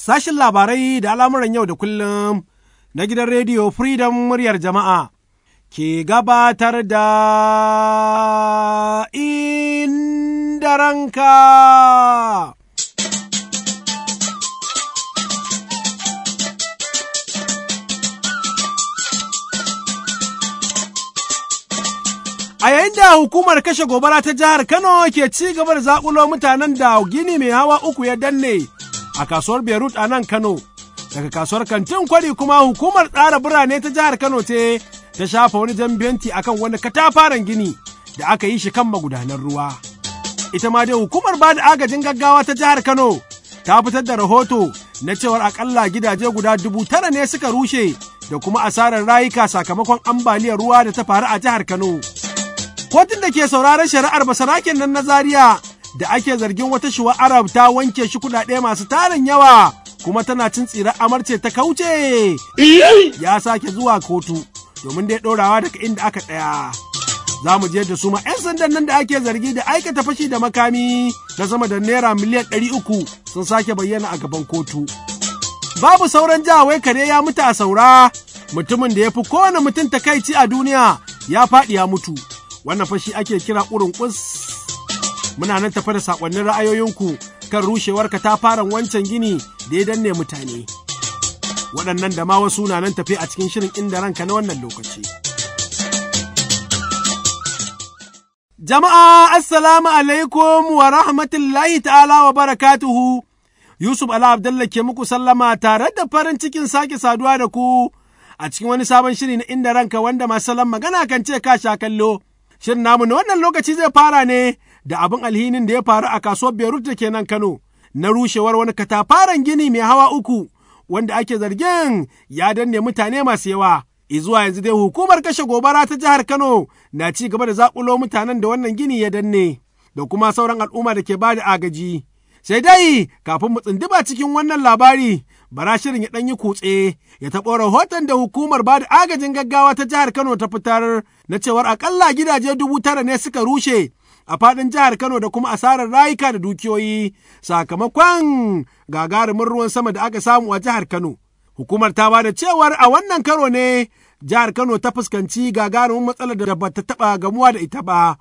Sashin labarai da al'amuran yau da kullum na gidan rediyo Freedom muryar jama'a ke gabatar da inda ranka. A yayin da hukumar kashe gobara ta jihar Kano ke ci gaba da zaƙulo mutanen da gini mai hawa uku ya danne a kasuwar Beirut a nan Kano. Daga kasuwar kantin kwari kuma hukumar tsara birane ta jihar Kano ce ta shafa wani jan benti akan wani katafaren gini da aka yi shi kan magudanar ruwa. Ita ma dai hukumar ba da agajin gaggawa ta jihar Kano ta fitar da rahoto na cewar akalla gidaje guda dubu tara ne suka rushe da kuma asarar rayuka sakamakon ambaliyar ruwa da ta faru a jihar Kano. Kotun da ke sauraron shari'ar basarakin nan na Zaria da ake zargin wata shuwa Arab ta wanke shi kuɗaɗe masu tarin yawa kuma tana cin tsira amarce ta kauce. Ya sake zuwa kotu domin dai ɗorawa daga inda aka tsaya. Za mu je da su ma 'yan sandan nan da ake zargi da aikata fashi da makami na sama da naira miliyan ɗari uku sun sake bayyana a gaban kotu. Babu sauran jawai kare ya mutu a saura mutumin da ya fi kowane mutum takaici a duniya ya faɗi ya mutu. Wannan fashi ake kira urin ƙus muna nan tafa da sakonnin ra'ayoyinku kan rushewar katafaren wancan gini da ya danne mutane. Waɗannan da ma wasu na nan tafe a cikin shirin inda ranka na wannan lokaci. Jama'a Assalamu alaikum wa rahmatullahi ta'ala wa barakatuhu. Yusuf Ali Abdullah ke muku sallama tare da farin cikin sake saduwa da ku a cikin wani sabon shiri na inda ranka wanda masu salon magana kan ce ka sha kallo. Shirin namu na wannan lokaci zai fara ne da abin alhinin da ya faru a kasuwar Beirut da kenan Kano na rushewar wani katafaren gini mai hawa uku wanda ake zargin ya danne mutane masu yawa. Izuwa yanzu dai hukumar kashe gobara ta jihar Kano na ci gaba da zakulo mutanen da wannan gini ya danne da kuma sauran al'umma da ke ba da agaji. Sai dai kafin mu tsindiba cikin wannan labari bara shirin ya ɗan yi kutse ya taɓo rahoton da hukumar ba da agajin gaggawa ta jihar Kano ta fitar na cewar akalla gidaje dubu tara ne suka rushe a faɗin jihar Kano da kuma asarar rayuka da dukiyoyi sakamakon gagarumin ruwan sama da aka samu a jihar Kano. Hukumar ta bada cewar a wannan karo ne jihar Kano ta fuskanci gagarumin matsalar da ba ta taɓa gamuwa da ita ba.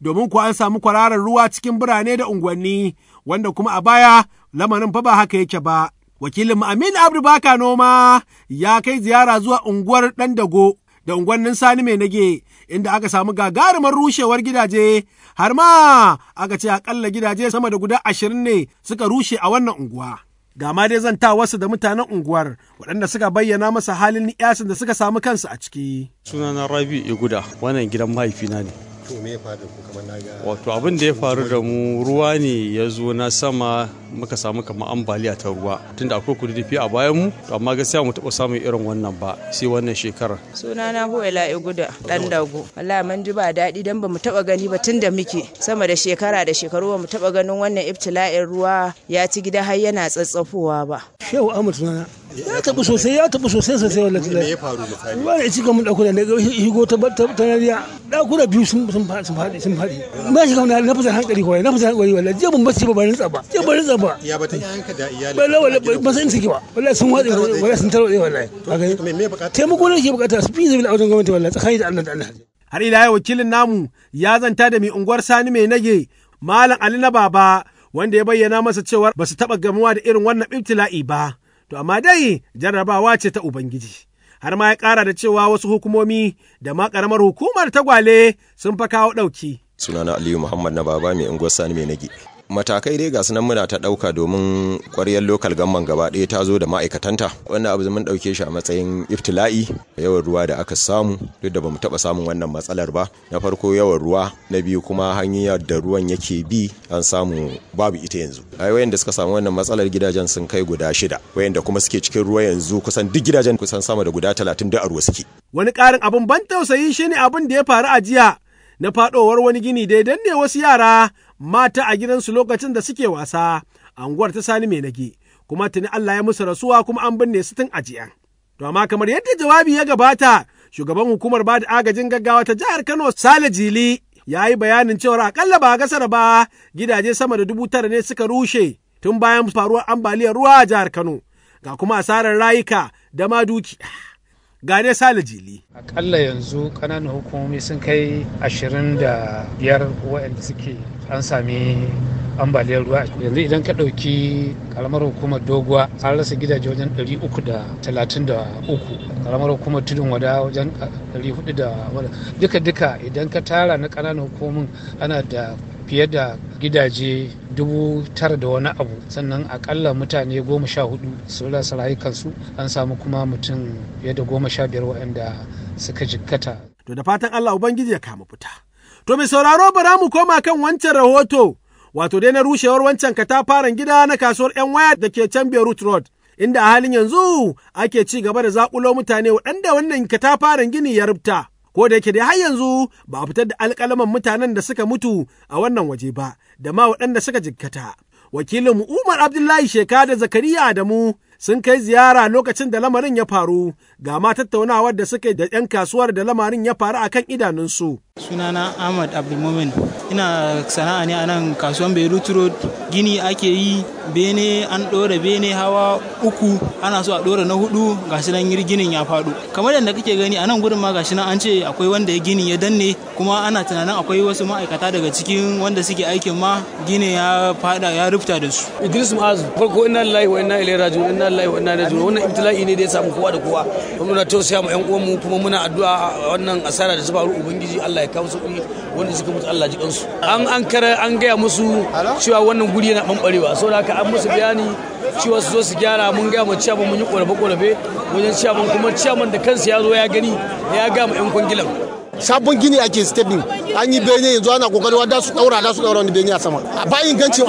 Domin kuwa an samu kwararar ruwa cikin birane da unguwanni wanda kuma a baya lamarin fa ba haka yake ba. Wakilin Aminu Abdu Baka Noma ya kai ziyara zuwa unguwar Dandago da unguwannin Sani Mai Nage inda aka samu gagarumar rushewar gidaje har ma aka ce akalla gidaje sama da guda ashirin ne suka rushe a wannan unguwa. Ga ma dai zanta wasu da mutanen unguwar waɗanda suka bayyana masa halin ni'yasin da suka samu kansu a ciki. Sunana Rabi Iguda wannan gidan mahaifina ne. Wato abin da ya faru da mu ruwa ne ya zo na sama muka samu kamar ambaliya ta ruwa tunda akwai kududdufi a bayan mu to amma gaskiya mu taɓa samun irin wannan ba sai wannan shekarar sunana huwaila iguda dan dago wallahi mun ji ba daɗi dan ba mu taɓa gani ba tunda muke sama da shekara da shekaru ba mu taɓa ganin wannan ibtila'in ruwa ya ci gida har yana tsatsafowa ba shehu amur sunana ya tabu sosai ya tabu sosai sosai wallahi me ya faru misali ba ne cika mun dakuna ne higo ta ta nariya dakuna biyu sun sun faɗi sun faɗi ba shi kamar na fasa hankali kawai na fasa hankali wallahi je ban ba barin tsaba je barin tsaba fa ya batun yayanka da iyali ba lawala ba san saki ba wallahi sun watsi wallahi sun tarwatse wallahi kaga me me bukata taimako ne ke bukata su fi zabi a wajen gwamnati wallahi tsakani da Allah da Allah har ila yau wakilin namu ya zanta da mai unguwar Sani mai nage malam Ali na baba wanda ya bayyana masa cewa ba su taba gamuwa da irin wannan ibtila'i ba to amma dai jarrabawa ce ta ubangiji har ma ya kara da cewa wasu hukumomi da ma karamar hukumar tagwale sun fa kawo dauki sunana Aliyu Muhammad na baba mai unguwar Sani mai nage matakai dai ga sunan muna ta dauka domin ƙwaryar lokal gamman gaba ɗaya ta zo da ma'aikatanta wannan abu mun dauke shi a matsayin iftila'i yawan ruwa da aka samu duk da bamu taba samun wannan matsalar ba na farko yawan ruwa na biyu kuma hanyar da ruwan yake bi an samu babu ita yanzu ai da suka samu wannan matsalar gidajen sun kai guda shida wayan da kuma suke cikin ruwa yanzu kusan duk gidajen kusan sama da guda talatin da a ruwa suke wani karin abin ban tausayi shine abin da ya faru a jiya na faɗowar wani gini dai ne wasu yara mata a gidansu lokacin da suke wasa anguwar ta sani mai nage kuma tuni Allah ya musu rasuwa kuma an binne su tun ajiya. To amma kamar yadda jawabi ya gabata shugaban hukumar ba da agajin gaggawa ta jihar Kano Sale Jili ya yi bayanin cewar akalla ba gasar ba gidaje sama da dubu tara ne suka rushe tun bayan faruwar ambaliyar ruwa a jihar Kano ga kuma asarar rayuka da ma dukiya. gane sale jili akalla yanzu kananan hukumomi sun kai ashirin waanda suke an sami ambaliyar ruwa yanzu idan ka ɗauki karamar hukumar doguwa an rasa gidaje wajen 333 karamar hukumar tudun wada wajen 400 duka duka idan ka tara na ƙananan hukumomin ana da fiye da gidaje dubu tara da wani abu sannan akalla mutane goma sha hudu su rasa rayukansu an samu kuma mutum fiye da goma sha biyar waɗanda suka jikkata. To da fatan Allah Ubangiji ya kama fita. To mai sauraro bara mu koma kan wancan rahoto wato dai na rushewar wancan katafaren gida na kasuwar 'yan waya da ke can Beirut Road. Inda a halin yanzu ake ci gaba da zakulo mutane waɗanda wannan katafaren gini ya rubuta. ko da yake dai har yanzu ba a fitar da alƙalaman mutanen da suka mutu a wannan waje ba da ma waɗanda suka jikkata. wakilin mu Umar Abdullahi Sheka da Zakariya Adamu sun kai ziyara lokacin da lamarin ya faru ga ma tattaunawar da suka da 'yan kasuwar da lamarin ya faru akan idanunsu. Sunana Ahmad Abdulmumin ina sana'a ne a nan kasuwan Beirut Road gini ake yi bene an dora bene hawa uku ana so a dora na hudu gashi nan ginin ya faɗo kamar yadda kake gani a nan gurin ma gashi nan an ce akwai wanda ya gini ya danne kuma ana tunanin akwai wasu ma'aikata daga cikin wanda suke aikin ma gini ya faɗa ya rufta da su Idris Mu'azu farko inna lillahi wa inna ilaihi raji'un inna lillahi wa inna ilaihi raji'un wannan ibtila'i ne da ya samu kowa da kowa kuma na tausaya ma yan uwan mu kuma muna addu'a wannan asara da ta faru ubangiji Allah ya kawo su wanda suka mutu Allah ji kansu an an kare an gaya musu cewa wannan guri yana bambarewa saboda haka an musu bayani cewa su zo su gyara mun gama ma ciyaman mun yi ƙorafe-ƙorafe wajen ciyaman kuma ciyaman da kansa ya zo ya gani ya gama 'yan kwangilan sabon gini ake stepping an yi bene yanzu ana kokari wanda su daura da su daura wani bene a sama ba ganci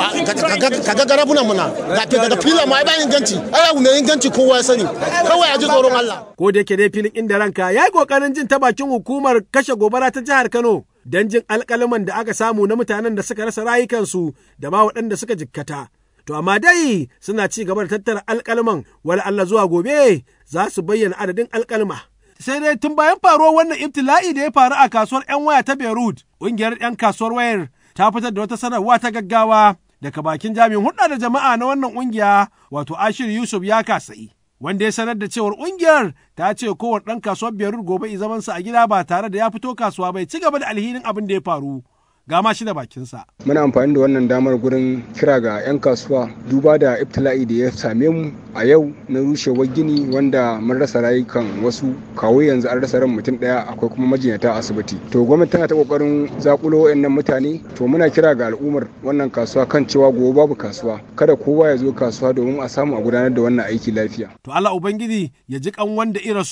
ka ga garabunan muna ga ke ga fila ma ba ganci ai abu mai ganci kowa ya sani kawai ya ji tsoron Allah ko da yake dai filin inda ranka yayi kokarin jin ta bakin hukumar kashe gobara ta jihar Kano don jin alkalaman da aka samu na mutanen da suka rasa rayukansu da ma waɗanda suka jikkata To amma dai suna ci gaba da tattara alkalman wala Allah zuwa gobe za su bayyana adadin alkalma. Sai dai tun bayan faruwar wannan ibtila'i da ya faru a kasuwar 'yan waya ta Beirut, ƙungiyar 'yan kasuwar wayar ta fitar da wata sanarwa ta gaggawa daga bakin jami'in hulɗa da jama'a na wannan ƙungiya wato Ashir Yusuf ya kasa'i. Wanda ya sanar da cewar ƙungiyar ta ce kowane ɗan kasuwar Beirut gobe zamansa a gida ba tare da ya fito kasuwa bai ci gaba da alhinin abin da ya faru. ga ma shi da bakinsa. Muna amfani da wannan damar gurin kira ga 'yan kasuwa duba da iftila'i da ya same mu a yau na rushewar gini wanda mun rasa rayukan wasu kawo yanzu an rasa ran mutum daya akwai kuma majinyata asibiti. To gwamnati tana ta kokarin zakulo wayannan mutane to muna kira ga al'ummar wannan kasuwa kan cewa gobe babu kasuwa kada kowa ya zo kasuwa domin a samu a gudanar da wannan aiki lafiya. To Allah Ubangiji ya ji kan wanda irasu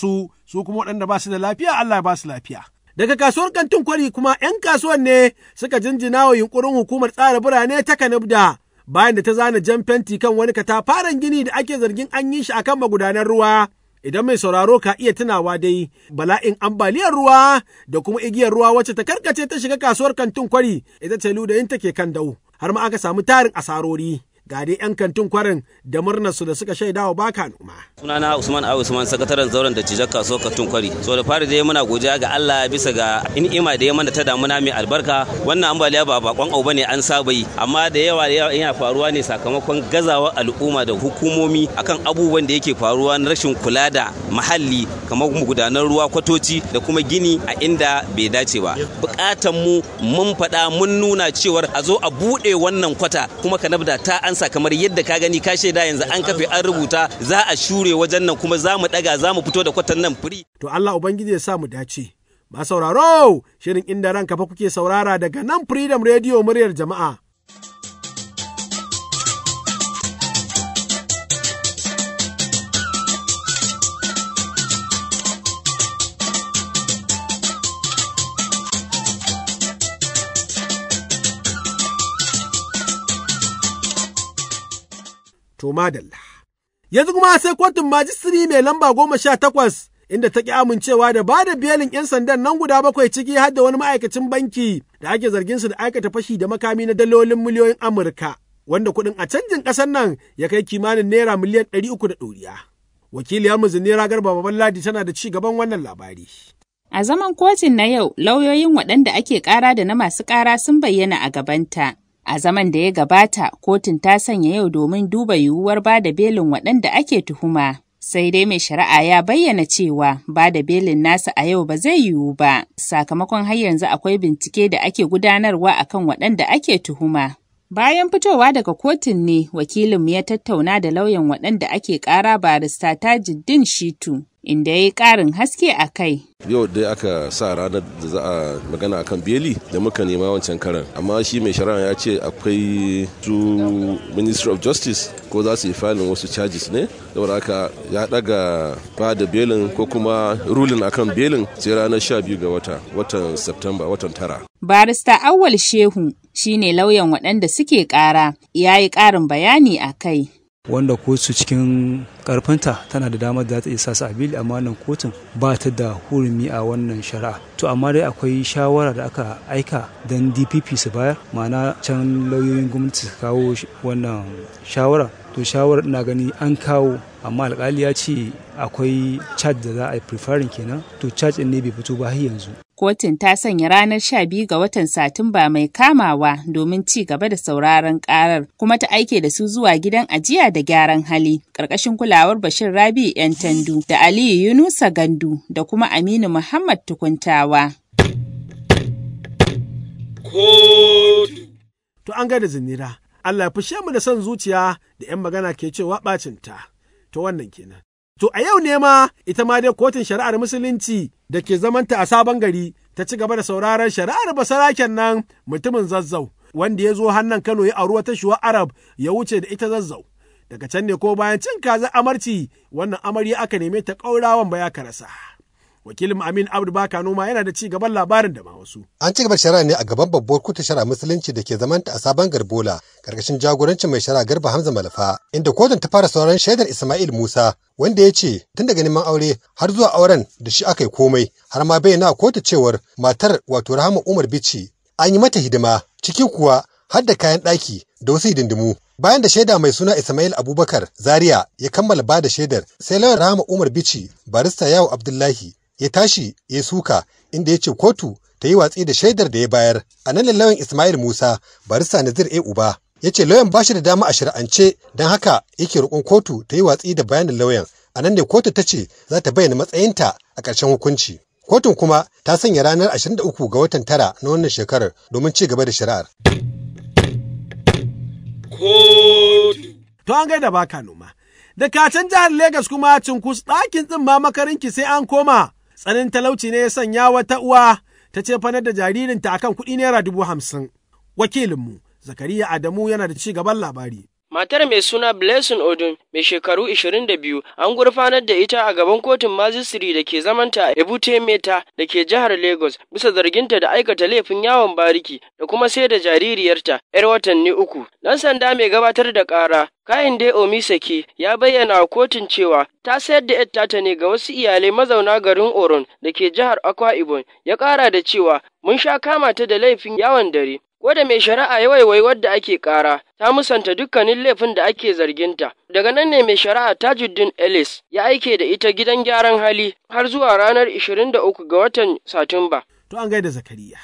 su su kuma waɗanda ba su da lafiya Allah ya ba su lafiya. Daga kasuwar kantin kwari kuma 'yan kasuwan ne suka jinjina wa yunkurin hukumar tsara birane ta kanabda, bayan da ta zana jan fenti kan wani katafaren gini da ake zargin an yi shi a kan magudanar ruwa. Idan mai sauraro ka iya tunawa dai bala'in ambaliyar ruwa da kuma igiyar ruwa wacce ta karkace ta shiga kasuwar kantin kwari ita ce ludayin take kan dau har ma aka samu tarin asarori. ga dai 'yan kantin kwarin da murnarsu da suka shaida wa baka noma. sunana usman a usman sakataren zauren da cijar kasuwar kantin kwari so da fari dai muna godiya ga allah bisa ga ni'ima da ya mana ta damuna mai albarka wannan ambaliya ba bakon abu bane an saba yi amma da yawa yana faruwa ne sakamakon gazawar al'umma da hukumomi akan abubuwan da yake faruwa na rashin kula da muhalli kamar gudanar ruwa kwatoci da kuma gini a inda bai dace ba bukatan mu mun faɗa mun nuna cewar a zo a buɗe wannan kwata kuma kanabda ta an kansa kamar yadda ka gani ka shaida yanzu an kafe an rubuta za a shure wajen nan kuma za mu daga za mu fito da kwatan nan firi. To Allah Ubangiji ya sa mu dace. Ba sauraro shirin inda ranka fa kuke saurara daga nan Freedom Radio muryar jama'a. to madalla. Yanzu kuma sai kotun majistiri mai lamba goma sha takwas inda ta ƙi amincewa da ba da belin 'yan sandan nan guda bakwai ciki har da wani ma'aikacin banki da ake zargin su da aikata fashi da makami na dalolin miliyoyin Amurka, wanda kuɗin a canjin ƙasar nan ya kai kimanin naira miliyan ɗari uku da ɗoriya. Wakiliyar mu Zinera Garba ladi tana da ci gaban wannan labari. A zaman kotun na yau, lauyoyin waɗanda ake ƙara da na masu ƙara sun bayyana a gabanta. A zaman da ya gabata, kotun ta sanya yau domin duba yiwuwar ba da belin waɗanda ake tuhuma. Sai dai mai shari'a ya bayyana cewa ba da belin nasa a yau ba zai yiwu ba, sakamakon har yanzu akwai bincike da ake gudanarwa akan waɗanda ake tuhuma. Bayan fitowa daga kotun ne wakilinmu ya tattauna da lauyan waɗanda ake ƙara barista ta jiddin Shitu inda ya yi ƙarin haske a kai. Yau dai aka sa ranar da za a magana akan beli da muka nema wancan karan. Amma shi mai shari'a ya ce akwai su Ministry of Justice ko za su yi filin wasu charges ne. Saboda haka ya daga ba da belin ko kuma rulin akan belin sai ranar 12 ga wata, watan September, watan tara. Barista Awwal Shehu shine lauyan waɗanda suke ƙara ya yi ƙarin bayani a kai. wanda kotu cikin ƙarfinta tana da damar da ta isa su abili amma nan kotun ba ta da hurumi a wannan shari'a to amma dai akwai shawara da aka aika don dpp su bayar ma'ana can lauyoyin gwamnati su kawo wannan shawara to shawar na gani an kawo amma alkali ya ce akwai chat da za a yi kenan to chat ne bai fito ba har yanzu kotun ta sanya ranar 12 ga watan satumba mai kamawa domin ci gaba da sauraron karar kuma ta aike da su zuwa gidan ajiya da gyaran hali ƙarƙashin kulawar bashir rabi yan tandu da aliyu yunusa gandu da kuma aminu muhammad tukuntawa to an ga zinira Allah ya fushe mu da son zuciya da ‘yan magana ke cewa ɓacin ta, to wannan kenan. To a yau ne ma ita ma dai kotun shari'ar musulunci da ke zamanta a sabon gari ta ci gaba da sauraron shari'ar basaraken nan mutumin zazzau wanda ya zo hannun Kano ya auri wata shuwa Arab ya wuce da ita zazzau. Daga can ne ko bayan cin kaza amarci wannan amarya aka neme ta ƙaurawan ba ya karasa. wakilin amin abdu baka noma yana da ci gaban labarin da ma wasu an ci gaba shari'a ne a gaban babbar kotu shari'a musulunci da ke zamanta a sabon garbola karkashin jagorancin mai shara garba hamza malafa inda kotun ta fara sauran shaidar ismail musa wanda ya ce tun daga neman aure har zuwa auren da shi aka yi komai har ma bayyana kotu cewar matar wato rahama umar bici an yi mata hidima ciki kuwa har da kayan ɗaki da wasu hidindimu Bayan da shaida mai suna Ismail Abubakar Zaria ya kammala ba da shaidar, sai lawan Rahama Umar Bici, barista Yawo Abdullahi ya tashi ya suka inda ya ce kotu ta yi watsi da shaidar da ya bayar a nan lauyan ismail musa barista nazir a uba ya ce lauyan ba shi da dama a shari'ance don haka yake roƙon kotu ta yi watsi da bayanin lauyan a nan ne kotu ta ce za ta bayyana matsayinta a ƙarshen hukunci kotun kuma ta sanya ranar 23 ga watan tara na wannan shekarar domin ci gaba da shari'ar to an gaida ka noma da kacin jihar Legas kuma cinkus ɗakin tsimma makarinki sai an koma tsanin talauci ne ya sanya wata uwa ta ce fanar da jaririnta akan kuɗi naira dubu hamsin. Wakilinmu Zakariya Adamu yana da ci gaban labari. Matar mai suna Blessing Odun mai shekaru 22 an gurfanar da ita a gaban kotun majistiri da ke zamanta a Ebute Meta da ke jihar Lagos bisa zarginta da aikata laifin yawon bariki da kuma sai da jaririyarta 'yar watanni uku. Dan sanda mai gabatar da ƙara Kayan dai Omi Omiseki ya bayyana a kotun cewa ta sayar da yadda ta ne ga wasu iyalai mazauna garin Oron da ke jihar Akwa Ibom ya ƙara da cewa mun sha kama ta da laifin yawon dare wadda mai shari'a ya waiwai wadda ake kara ta musanta dukkanin laifin da ake zarginta daga nan ne mai shari'a tajuddin ellis ya aike da ita gidan gyaran hali har zuwa ranar 23 ga watan satumba to an gaida zakariya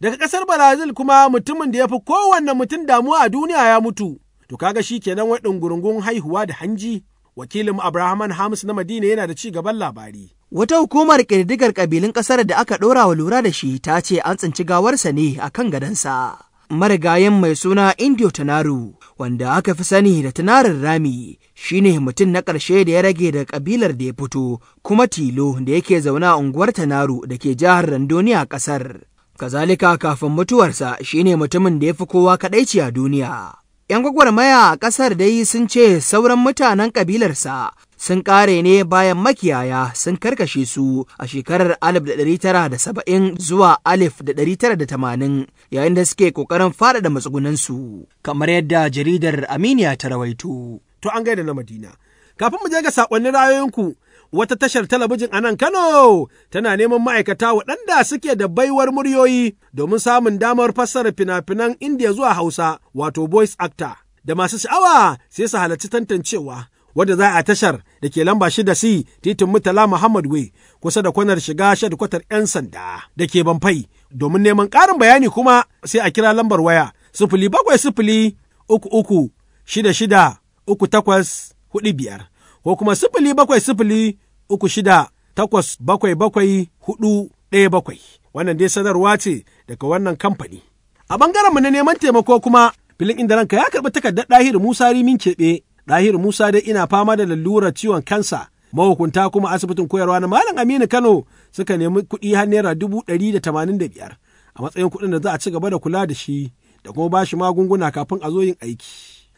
daga ƙasar brazil kuma mutumin da ya fi kowanne mutum damuwa a duniya ya mutu to kaga shi kenan wai ɗungurungun haihuwa da hanji wakilin abrahaman hamis na madina yana da ci gaban labari Wata hukumar ƙididdigar ƙabilun ƙasar da aka ɗora wa lura da shi ta ce an tsinci gawarsa ne a kan gadonsa. Marigayen mai suna Indio Tanaru, wanda aka fi sani da Tanarin Rami, shi ne mutum na ƙarshe da ya rage da ƙabilar da ya fito, kuma tilo da yake zaune a unguwar Tanaru da ke jihar Randoniya a ƙasar. Kazalika kafin mutuwarsa shi ne mutumin da ya fi kowa kaɗaici a duniya. ‘Yan gwagwarmaya a ƙasar dai sun ce sauran mutanen ƙabilarsa sun ƙare ne bayan makiyaya sun karkashe su a shekarar 1970 zuwa 1980 yayin da suke ƙoƙarin faɗaɗa matsugunansu kamar yadda jaridar Aminiya ta rawaito. To an gaida na Madina. Kafin mu je ga saƙonnin rayoyinku wata tashar talabijin a nan Kano tana neman ma'aikata waɗanda suke da baiwar muryoyi domin samun damar fassara fina-finan Indiya zuwa Hausa wato voice actor. Da masu sha'awa sai su halarci tantancewa wadda za a tashar da ke lamba shida si titin mutala Muhammad Way kusa da kwanar shiga shadkwatar 'yan sanda da ke Banfai. Domin neman ƙarin bayani kuma sai a kira lambar waya sifili bakwai sifili uku uku shida shida uku takwas hudu biyar ko kuma sifili bakwai sifili uku shida takwas bakwai bakwai hudu ɗaya bakwai. Wannan dai sanarwa ce daga wannan kamfani. A ɓangaren mu na neman taimako kuma filin inda ranka ya karɓi takardar ɗahir Musa Rimin keɓe Ɗahir Musa dai ina fama da lalurar ciwon kansa, mahukunta kuma asibitin koyarwa na Malam Aminu Kano suka nemi kuɗi har naira dubu ɗari da tamanin da biyar a matsayin kuɗin da za a ci gaba da kula da shi da kuma ba shi magunguna kafin a zo yin aiki.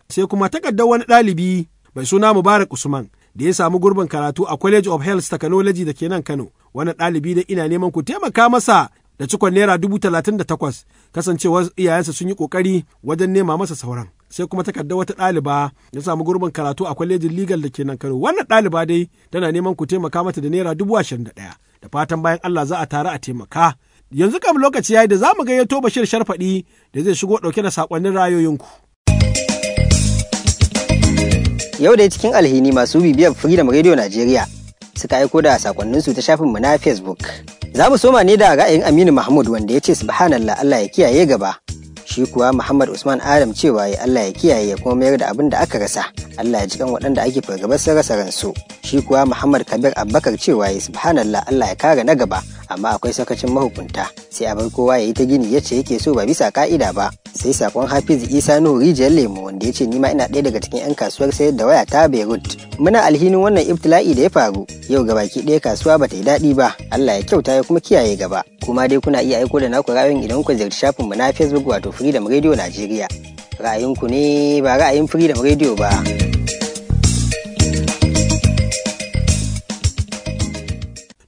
Sai kuma takardar wani ɗalibi mai suna Mubarak Usman da ya samu gurbin karatu a College of Health Technology da ke nan Kano. Wani ɗalibi da ina neman ku taimaka masa da cikon naira dubu talatin da takwas kasancewar iyayensa sun yi kokari wajen nema masa sauran sai kuma takarda wata ɗaliba ya samu gurbin karatu a kwalejin legal da ke nan kano wannan ɗaliba dai tana neman ku taimaka mata da naira dubu ashirin da ɗaya da fatan bayan allah za a tara a taimaka yanzu kam lokaci ya yi da za mu gayyato bashir sharfaɗi da zai shigo ɗauke da saƙonnin rayoyinku. yau dai cikin alhini masu bibiyar freedom radio najeriya suka aiko da sakonninsu ta shafinmu na Facebook. Za mu soma ne da ra'ayin Aminu Mahmud wanda ya ce subhanallah Allah ya kiyaye gaba. shi kuwa muhammad usman adam cewa ya allah ya kiyaye ya kuma mayar da abin da aka rasa allah ya jikan waɗanda ake fargabar sun rasa ransu shi kuwa muhammad kabir abubakar cewa ya subhanallah allah ya kare na gaba amma akwai sakacin mahukunta sai a bar kowa ya yi ta gini yace yake so ba bisa ka'ida ba sai sakon hafiz isa nuhu rijiyar lemo wanda ya ce nima ina ɗaya daga cikin 'yan kasuwar sayar da waya ta beirut muna alhinin wannan ibtila'i da ya faru yau gabaki ɗaya kasuwa bata yi daɗi ba allah ya kyauta ya kuma kiyaye gaba kuma dai kuna iya aiko da naku ra'ayoyin idan kuka ziyarci shafin mu na facebook wato freedom radio nigeria ra'ayinku ne ba ra'ayin freedom radio ba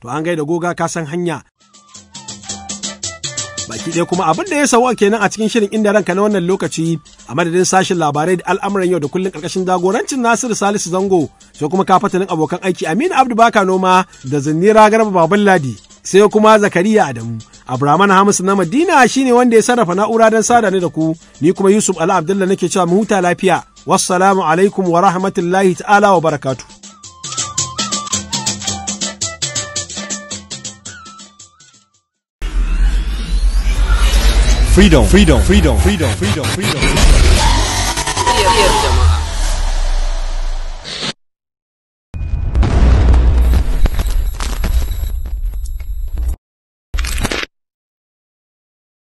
to an gaida goga ka san hanya baki ɗaya kuma abin da ya sauwa kenan a cikin shirin inda ranka na wannan lokaci a madadin sashen labarai da al'amuran yau da kullum ƙarƙashin jagorancin Nasiru Salisu Zango sai kuma kafatanin abokan aiki Aminu Abdu Baka Noma da Zinnira Garba Baban Ladi sai kuma Zakariya Adamu. Abraman Hamisu na Madina shine wanda ya sarrafa na'ura don sada ni da ku, ni kuma Yusuf Ali abdullahi nake cewa mu huta lafiya. Wassalamu alaikum wa rahmatullahi ta'ala wa barakatu. freedom, freedom, freedom, freedom, freedom, freedom. freedom.